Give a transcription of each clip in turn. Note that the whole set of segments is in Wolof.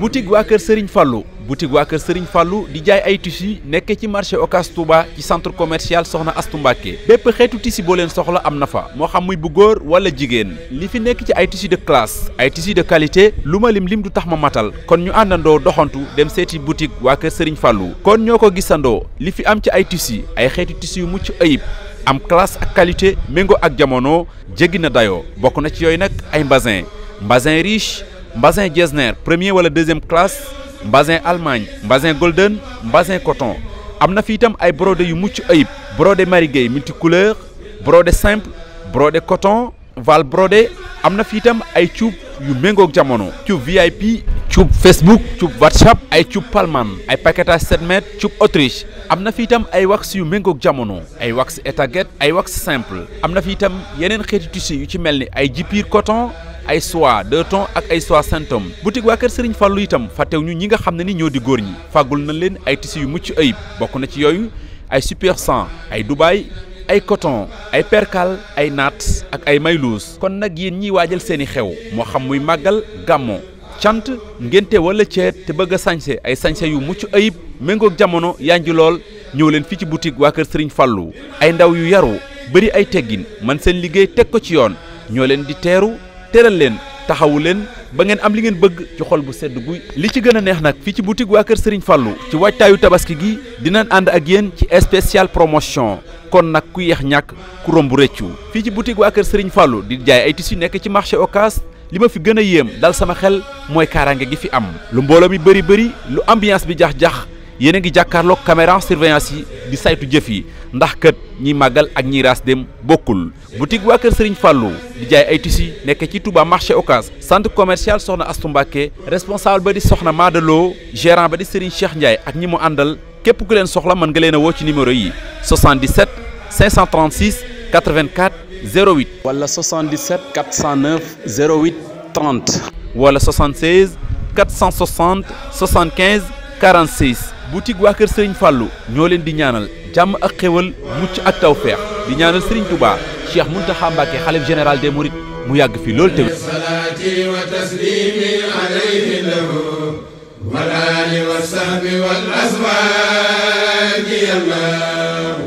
boutique waa kër Serigne Fallou boutique waa kër Serigne Fallou di jaay ay tissus nekkee ci marché Ocass Touba ci centre commercial Soxna Astu Mbàkke bépp xeetu tissu boo leen soxla am na fa moo xam muy bu góor wala jigéen li fi nekk ci ay tissus de classe ay tissus de qualité lu ma lim lim du tax ma matal kon ñu àndandoo doxantu dem seeti boutique waa kër Serigne Fallou kon ñoo ko gisandoo li fi am ci ay tissus ay xeeti tissus yu mucc ayib. am classe ak kalité méngoo ak jamono jéggi na dayoo bokk na ci yooyu nag ay mbasin mbasin riche mbasin jesner premier wala deuxième classe mbasin Allemagne mbasin golden basin coton am na fi itam ay brodé yu mucc ayib brodé marigay multicouleur brodé simple brodé coton val brode am na fi itam ay cuub yu méngoog jamono cuub VIP cuub Facebook cuub WhatsApp ay cuub palman ay paquetage 7 mètres cuub Autriche am na fi itam ay wax yu méngoog jamono ay wax étaguette ay wax simple am na fi itam yeneen xeeti tissu yu ci mel ni ay jipiir coton ay soie deux tons ak ay soie centum boutique waa kër Serigne Fallou itam fàttew ñu ñi nga xam ne ni ñoo di góor ñi fàggul na leen ay tissus yu mucc ayib bokk na ci yooyu ay super 100 ay Dubaay ay coton ay percal ay naat ak ay mayluus kon nag yéen ñiy waajal seeni xew moo xam muy màggal gàmmo cant ngénte wala ceet te bëgg a sañse ay sañse yu mucc ayib méngook jamono yaa ngi lool ñëw leen fii ci boutique waa kër Serigne fallu ay ndaw yu yaru bëri ay teggin man seen liggéey teg ko ci yoon ñoo leen di teeru teral leen taxawu leen ba ngeen am li ngeen bëgg ci xol bu sedd bu li ci gën a neex nag fii ci boutique waa kër Serigne fallu ci waajtaayu tabaski gi dinañ ànd ak yéen ci spécial promotion kon nag ku yeex ñàkk ku romb rëccu fii ci boutique waa kër Serigne Fallou di jaay ay tissu nekk ci marché Ocass li ma fi gën a yéem dal sama xel mooy kaaraange gi fi am lu mbooloo mi bëri bëri lu ambiance bi jax-jax yéen a ngi jàkkaarloog caméra surveillance yi di saytu jëf yi ndax kat ñiy màggal ak ñiy raas dem bokkul boutique waa kër Serigne Fallou di jaay ay tissus nekk ci Touba marché ocas sant commercial soxna Astou Mbacké responsable ba di soxna Madaloo gérant ba di Serigne Cheikh Ndiaye ak ñi mu àndal képp ku leen soxla mën nga leen a woo ci numéro yi 77 536 84 08. wala 77 409 08 30. wala 76 460 75. 46 boutique waa kër Serigne Fallou ñoo leen di ñaanal jàmm ak xéwal mucc ak tawféex di ñaanal Serigne Touba Cheikh Mountakha Mbacké xalif général des Mourides mu yàgg fi loolu tamit. salaati wa taslimi alayhi lahu wa ali wa sahbi wal azwaaji yallahu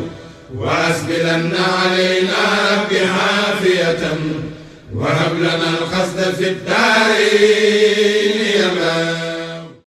wa asbilanna alayna rabbi xaafiyatan wa hab lana alxasda fi ddaari yallahu